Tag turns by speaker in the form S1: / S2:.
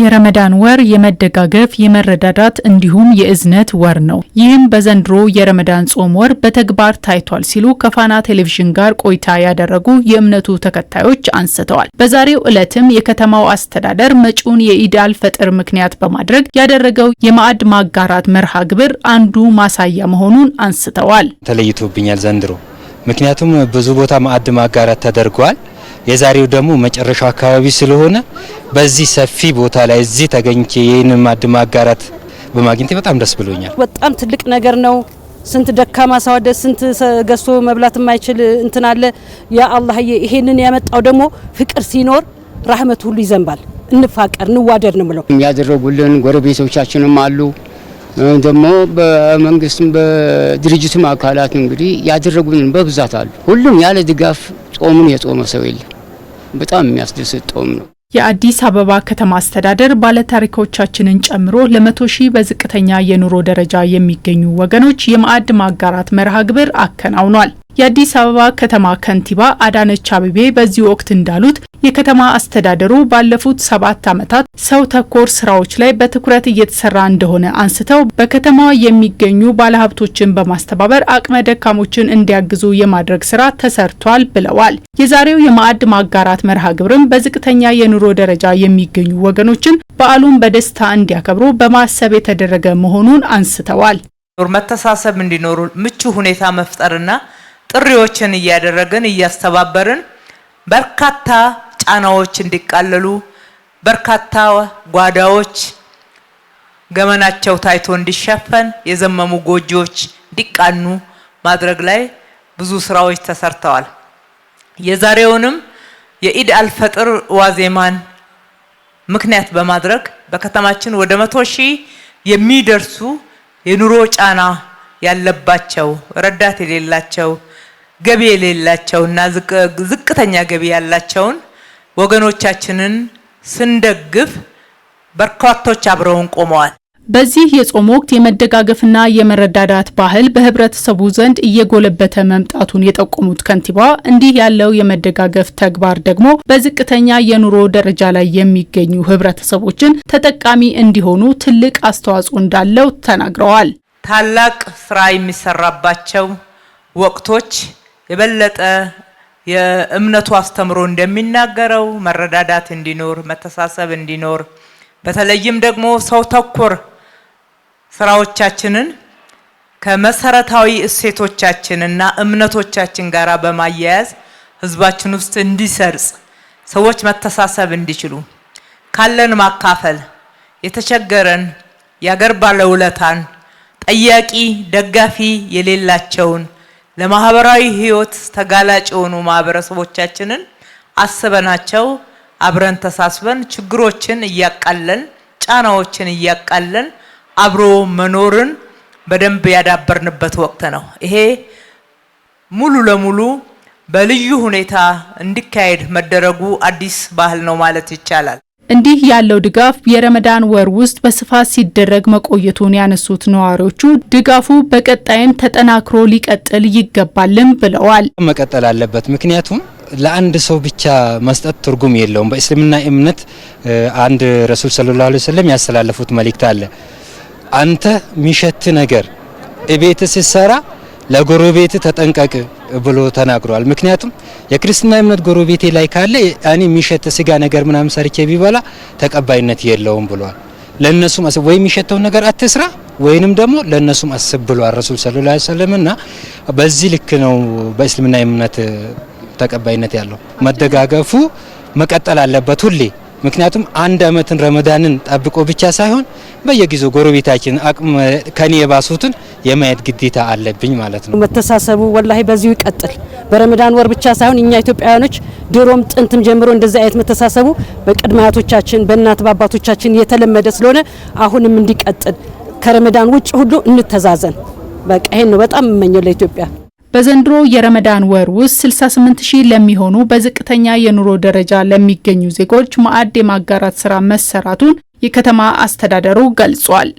S1: የረመዳን ወር የመደጋገፍ የመረዳዳት እንዲሁም የእዝነት ወር ነው። ይህም በዘንድሮ የረመዳን ጾም ወር በተግባር ታይቷል ሲሉ ከፋና ቴሌቪዥን ጋር ቆይታ ያደረጉ የእምነቱ ተከታዮች አንስተዋል። በዛሬው ዕለትም የከተማው አስተዳደር መጪውን የኢዳል ፈጥር ምክንያት በማድረግ ያደረገው የማዕድ ማጋራት መርሃ ግብር አንዱ ማሳያ መሆኑን አንስተዋል።
S2: ተለይቶብኛል ዘንድሮ፣ ምክንያቱም ብዙ ቦታ ማዕድ ማጋራት ተደርጓል። የዛሬው ደግሞ መጨረሻው አካባቢ ስለሆነ በዚህ ሰፊ ቦታ ላይ እዚህ ተገኝቼ ይህን ማዕድ ማጋራት በማግኘቴ በጣም ደስ ብሎኛል።
S3: በጣም ትልቅ ነገር ነው። ስንት ደካማ ሰው አለ፣ ስንት ገዝቶ መብላት የማይችል እንትን አለ። ያ አላህ ይሄንን ያመጣው ደግሞ ፍቅር ሲኖር ራህመት ሁሉ ይዘንባል። እንፋቀር፣ እንዋደድ ነው ብለው
S4: የሚያደረጉልን ጎረቤቶቻችንም አሉ ደግሞ በመንግስትም በድርጅትም አካላት እንግዲህ ያደረጉልን በብዛት አሉ። ሁሉም ያለ ድጋፍ ጾሙን የጾመ ሰው የለም። በጣም የሚያስደስት ጦም ነው።
S1: የአዲስ አበባ ከተማ አስተዳደር ባለታሪኮቻችንን ጨምሮ ለመቶ ሺህ በዝቅተኛ የኑሮ ደረጃ የሚገኙ ወገኖች የማዕድ ማጋራት መርሃ ግብር አከናውኗል። የአዲስ አበባ ከተማ ከንቲባ አዳነች አቤቤ በዚህ ወቅት እንዳሉት የከተማ አስተዳደሩ ባለፉት ሰባት ዓመታት ሰው ተኮር ስራዎች ላይ በትኩረት እየተሰራ እንደሆነ አንስተው በከተማ የሚገኙ ባለሀብቶችን በማስተባበር አቅመ ደካሞችን እንዲያግዙ የማድረግ ስራ ተሰርቷል ብለዋል። የዛሬው የማዕድ ማጋራት መርሃ ግብርም በዝቅተኛ የኑሮ ደረጃ የሚገኙ ወገኖችን በዓሉን በደስታ እንዲያከብሩ በማሰብ የተደረገ መሆኑን አንስተዋል።
S5: መተሳሰብ እንዲኖሩ ምቹ ሁኔታ መፍጠርና ጥሪዎችን እያደረግን እያስተባበርን በርካታ ጫናዎች እንዲቃለሉ በርካታ ጓዳዎች ገመናቸው ታይቶ እንዲሸፈን የዘመሙ ጎጆዎች እንዲቃኑ ማድረግ ላይ ብዙ ስራዎች ተሰርተዋል። የዛሬውንም የኢድ አልፈጥር ዋዜማን ምክንያት በማድረግ በከተማችን ወደ መቶ ሺህ የሚደርሱ የኑሮ ጫና ያለባቸው ረዳት የሌላቸው ገቢ የሌላቸውና ዝቅተኛ ገቢ ያላቸውን ወገኖቻችንን ስንደግፍ በርካቶች አብረውን ቆመዋል።
S1: በዚህ የጾም ወቅት የመደጋገፍና የመረዳዳት ባህል በህብረተሰቡ ዘንድ እየጎለበተ መምጣቱን የጠቆሙት ከንቲባ እንዲህ ያለው የመደጋገፍ ተግባር ደግሞ በዝቅተኛ የኑሮ ደረጃ ላይ የሚገኙ ህብረተሰቦችን ተጠቃሚ እንዲሆኑ ትልቅ አስተዋጽኦ እንዳለው ተናግረዋል።
S5: ታላቅ ስራ የሚሰራባቸው ወቅቶች የበለጠ የእምነቱ አስተምሮ እንደሚናገረው መረዳዳት እንዲኖር፣ መተሳሰብ እንዲኖር በተለይም ደግሞ ሰው ተኮር ስራዎቻችንን ከመሰረታዊ እሴቶቻችንና እምነቶቻችን ጋር በማያያዝ ህዝባችን ውስጥ እንዲሰርጽ ሰዎች መተሳሰብ እንዲችሉ ካለን ማካፈል የተቸገረን የአገር ባለውለታን ጠያቂ ደጋፊ የሌላቸውን ለማህበራዊ ህይወት ተጋላጭ የሆኑ ማህበረሰቦቻችንን አስበናቸው አብረን ተሳስበን ችግሮችን እያቃለን ጫናዎችን እያቃለን አብሮ መኖርን በደንብ ያዳበርንበት ወቅት ነው። ይሄ ሙሉ ለሙሉ በልዩ ሁኔታ እንዲካሄድ መደረጉ አዲስ ባህል ነው ማለት ይቻላል።
S1: እንዲህ ያለው ድጋፍ የረመዳን ወር ውስጥ በስፋት ሲደረግ መቆየቱን ያነሱት ነዋሪዎቹ ድጋፉ በቀጣይም ተጠናክሮ ሊቀጥል ይገባልም ብለዋል።
S2: መቀጠል አለበት። ምክንያቱም ለአንድ ሰው ብቻ መስጠት ትርጉም የለውም። በእስልምና እምነት አንድ ረሱል ሰለላሁ ዐለይሂ ወሰለም ያስተላለፉት መልእክት አለ። አንተ ሚሸት ነገር እቤት ሲሰራ ለጎረቤት ተጠንቀቅ ብሎ ተናግሯል። ምክንያቱም የክርስትና እምነት ጎረቤቴ ላይ ካለ እኔ የሚሸት ስጋ ነገር ምናምን ሰርቼ ቢበላ ተቀባይነት የለውም ብሏል። ለእነሱም ወይ የሚሸተውን ነገር አትስራ ወይንም ደግሞ ለእነሱም አስብ ብሏል ረሱል ሰለላሁ ዐለይሂ ወሰለም። እና በዚህ ልክ ነው በእስልምና እምነት ተቀባይነት ያለው መደጋገፉ መቀጠል አለበት ሁሌ ምክንያቱም አንድ አመትን ረመዳንን ጠብቆ ብቻ ሳይሆን በየጊዜው ጎረቤታችን አቅም ከኔ የባሱትን የማየት ግዴታ አለብኝ ማለት
S3: ነው። መተሳሰቡ ወላሂ በዚሁ ይቀጥል። በረመዳን ወር ብቻ ሳይሆን እኛ ኢትዮጵያውያኖች ድሮም ጥንትም ጀምሮ እንደዚህ አይነት መተሳሰቡ በቅድማያቶቻችን በእናት በአባቶቻችን የተለመደ ስለሆነ አሁንም እንዲቀጥል ከረመዳን ውጭ ሁሉ እንተዛዘን። በቃ ይሄን ነው በጣም የምመኘው ለኢትዮጵያ።
S1: በዘንድሮ የረመዳን ወር ውስጥ 68 ሺህ ለሚሆኑ በዝቅተኛ የኑሮ ደረጃ ለሚገኙ ዜጎች ማዕድ የማጋራት ስራ መሰራቱን የከተማ አስተዳደሩ ገልጿል።